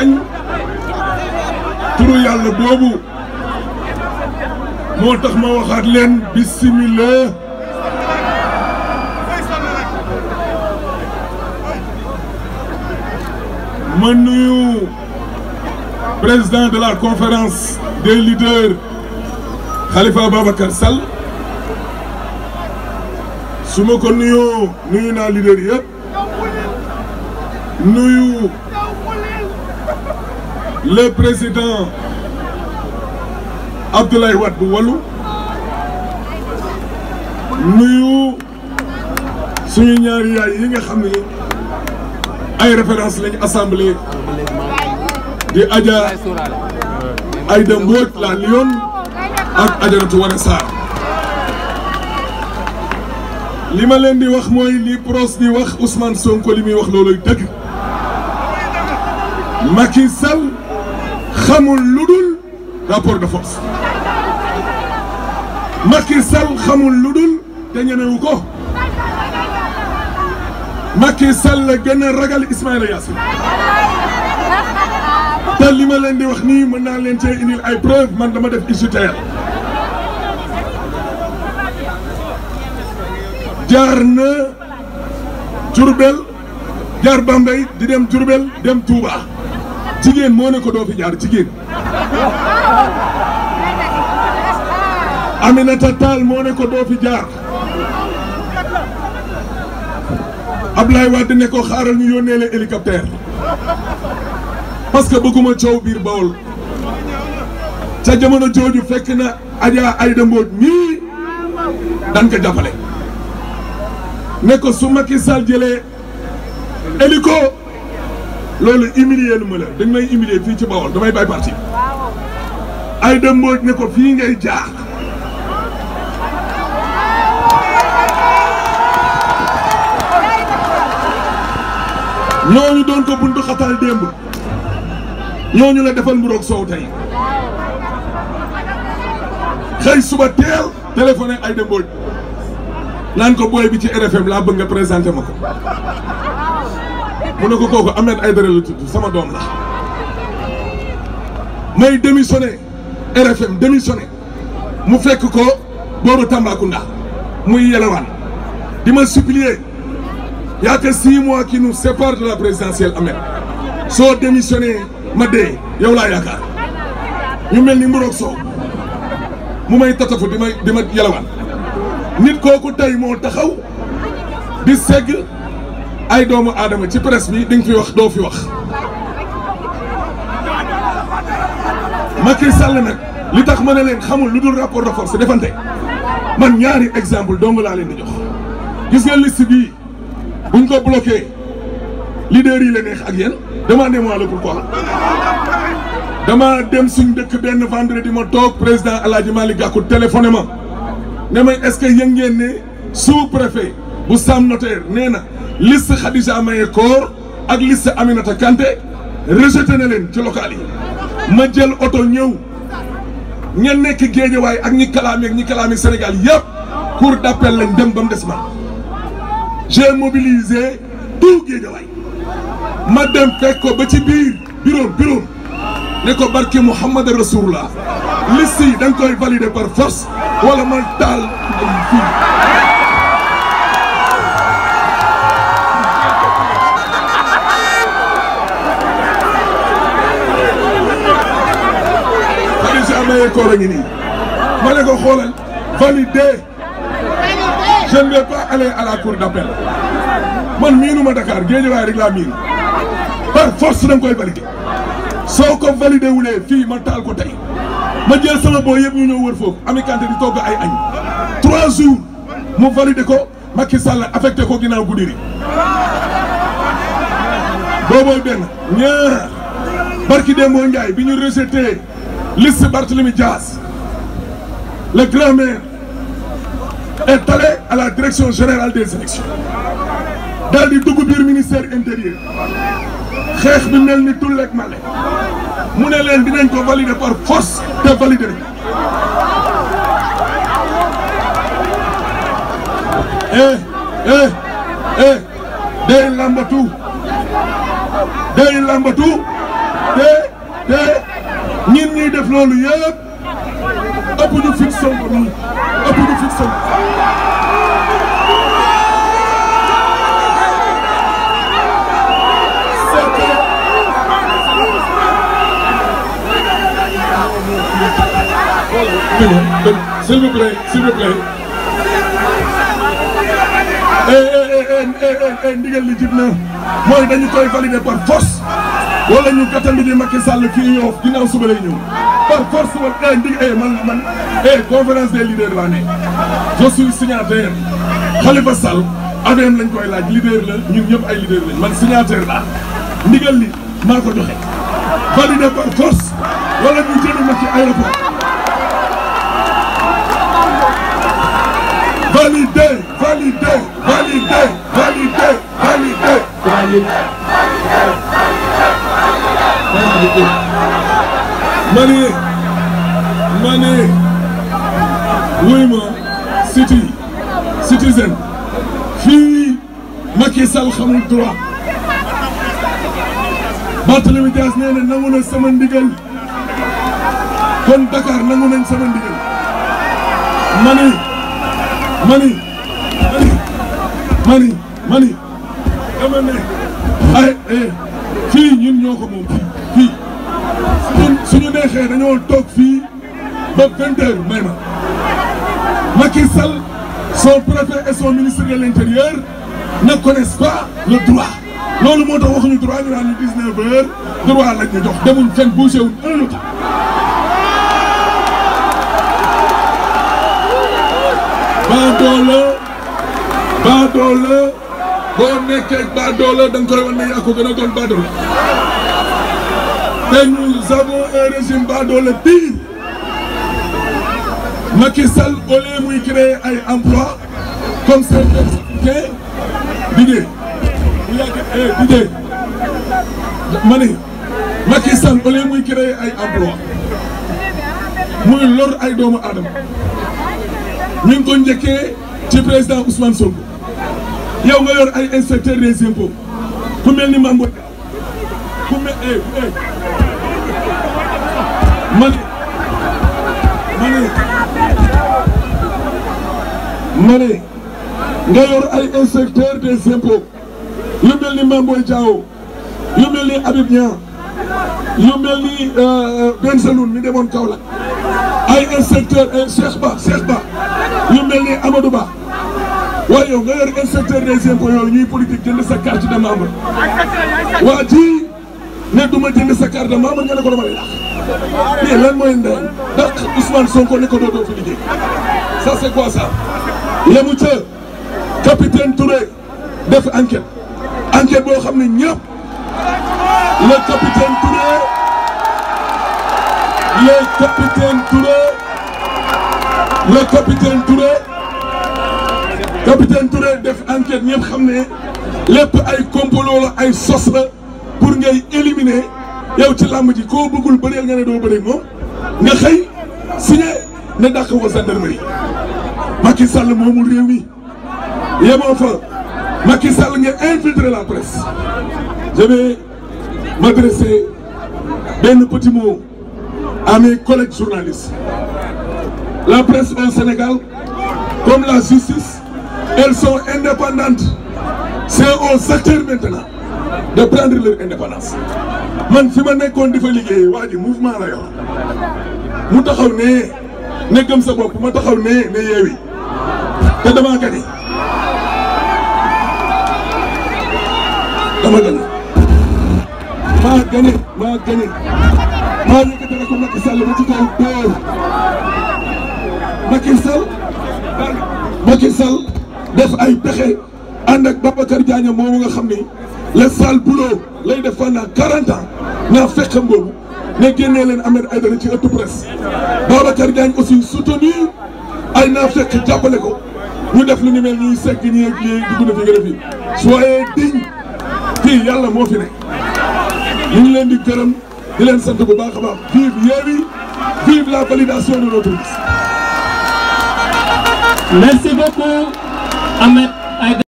sañ turu yàlla boobu moo tax ma waxaat leen bismillah ma nuyu président de la conférence des leaders Khalifa Babacar Sall su ko nuyoo nuyu naa leader yëpp nuyu le président Abdoulaye Wade bu Wallu nuyu suñu ñaari yaay yi nga xam ne ay référence lañu assemblée di Adja Aïda Mbodj la Lyon ak Adjaratu Waré Sarr li ma leen di wax mooy li pros di wax Ousmane Sonko li muy wax looluy dëgg Macky xamul lu de force Macky lu dul te ñemewu ko Macky Sall la gën li ma leen di wax mën naa leen cee indil ay preuve man dama def IGTL jaar na Diourbel jaar Bambey di dem Diourbel dem Touba jigéen moo ne ko doo fi jaar jigéen Aminata Tall moo ne ko doo fi jaar Ablaye Wade ne ko xaaral ñu yónnee la hélicoptère parce que bëgguma coow biir Bawol ca jamono jooju fekk na Adja Aïda Mbodj mii dan ko ne ko su Macky Sall jëlee hélico loolu humilier lu ma la dañ may humilier fii ci Bawol damay bàyyi parti ay dem Mbodj ne ko fii ngay jaar ñooñu doon ko buntu xatal démb ñooñu la defal mburoog soow tey xëy suba teel téléphoné ay dem naan ko booy bi ci RFM laa bëgg nga présenté ma ko mu ne ko kooku Ahmed Aïdara la tudd sama doom la may démissionné RFM démissionné mu fekk ko booru Tambacounda muy yelewaan di ma supplier y a que six mois qui nous séparent de la présidentielle Ahmed soo démissionné ma dee yow laa yaakaar ñu mel ni mburoog soow mu may tatafu di ma di ma yelewaan nit kooku tey moo taxaw di segg ay doomu aadama ci presse bi di nga fi wax doo fi wax Macky Sall nag li tax ma ne leen xamul lu dul rapport de force defante man ñaari exemple dong laa leen di jox gis nga liste bii buñ ko bloqué leader yi la neex ak yéen demandez-moi ko pourquoi dama dem suñ dëkk benn vendredi ma toog président El Hadj Malick Gakou téléphoné ma ne may est-ce que ngeen ne sous-préfet bu Sam Notaire nee na liste Khadija Maye Koor ak liste Aminata Kanté rejeté na leen ci local yi ma jël oto ñëw ña nekk Géejawaay ak ñi kalaami ñi kalaami Sénégal yëpp cour d'appel lañ dem ba des ma j'ai mobilisé tout Géejawaay ma dem fekk ko ba ci biir bureau bureau ne ko barke Mouhamad Rasulullah liste yi da nga koy valider par force wala ma taal fii maye koor a ngi ma ne ko xoolal validé je ne vais pas aller à la cour man miinu ma Dakar Guédiawaye rek laa miin par force da koy validé soo ko validé wulee fii ma taal ko tey ma jël sama boo yëpp ñu ñëw wër foofu Ami Kanté di togg ay añ trois jours mu validé ko Macky Sall affecté ko ginnaaw Goudiri boobooy benn ñaar barki Dembo Ndiaye bi ñu rejeté liste Barthélemy Diaz le grand maire est à la direction générale des élections daal di dugg biir ministère intérieur xeex bi mel ni tulleeg male mu ne leen par force te valider eh, eh, eh day lambatu day lambatu te te ñun ñuy def loolu yëpp ëpp ñu Fit Sonko nii ëpp ñu Fit Sonko. s'il vous plaît s'il vous plaît. Eh eh, eh eh eh eh ndigal li jib na mooy dañu koy valider par force. wala ñu gàttandu di Macky Sall fii ñëw ginnaaw suba lay ñëw par force man eh ndi eh man man eh conférence des leaders laa ne je suis signataire Khalifa Sall lañ koy laaj leader la ñun ñëpp ay leader lañ man signataire laa ndigal li maa ko joxe validé par force wala ñu ma ne ma ne wuy ma city citizen fii Macky Sall xamul droit Barthélémy Dias nee na nangu na sama ndigal kon Dakar nangu nañ sama ndigal ma ne ma ne ma ne fii ñun ñoo ko neexee dañoo toog fii ba vingt heures may ma Macky Sall son préfet et son ministre de l'intérieur ne connaissent loolu moo tax waxuñu droit ñu naan ñu dix-neuf heures droit lañ ñu jox demuñ fenn bougé wuñ ne yaa ko gën a doon un régime badoole pire Macky muy créer ay emploi comme seen expliqué eh, ma ni Macky Sall muy créer ay emploi muy lor ay doomu aadama ñu ngi ko njëkkee ci président Ousmane yor ay inspecteur des impôts ku mel ni Mame Boye ku mel eh, eh. man ma ne nga yor ay inspecteur des impôts lu mel ni Mame Boye Diao lu mel ni Habib Niang lu mel ni euh, euh, Ben Saloum mi demoon Kaolack ay inspecteur ay euh, Cheikh Ba Cheikh Ba lu mel ni Amadou Ba waaye yow nga yor inspecteur des impôts yooyu ñuy politique jënd sa carte de membre waa ji ne du ma jënd sa carte de membre nga ne ko dama lay mais lan mooy ndey ndax Ousmane Sonko ne ko dootoo fi liggéey ça c'est quoi ça. yemu ca capitaine Touré def enquête enquête boo xam ne ñëpp le capitaine Touré le capitaine Touré le capitaine def enquête ñëpp xam ne lépp ay complot la ay sos la pour ngay éliminer. yow ci làmb ji koo bëggul bëreel nga ne doo bëreeg moom nga xëy signé ne dàq wa gendarmerie Macky Sall moomul réew mi yemoo fa Macky Sall nga infiltré la presse je vais benn petit mot à mes collègues la presse au Sénégal comme la justice elles sont indépendantes c'est aux acteurs maintenant de prendre leur indépendance man fi ma nekkoon di fa liggéey waa ji mouvement la yor mu taxaw nee ne gëm sa bopp ma taxaw nee ne yeewi te dama gagné dama gagné maa gagné maa gagné maa yëkkati rek Macky Sall ma ci kaw dóor Macky Sall Macky Sall def ay pexe ànd ak Babacar Diagne moomu nga xam ni le sale boulot lay def pendant 40 ans naa fekkam boobu ne génnee leen Ahmed Aïdara ci ëttu presse Babacar Diagne aussi soutenir ay naa fekk jàppale ko ñu def lu ñu mel ñuy segg ñi ak lii dugg na fi gën a fi soyez digne fii yàlla moo fi ne ñu leen di gërëm di leen sant bu baax a baax vive Yewwi vive la validation de notre liste merci beaucoup Ahmed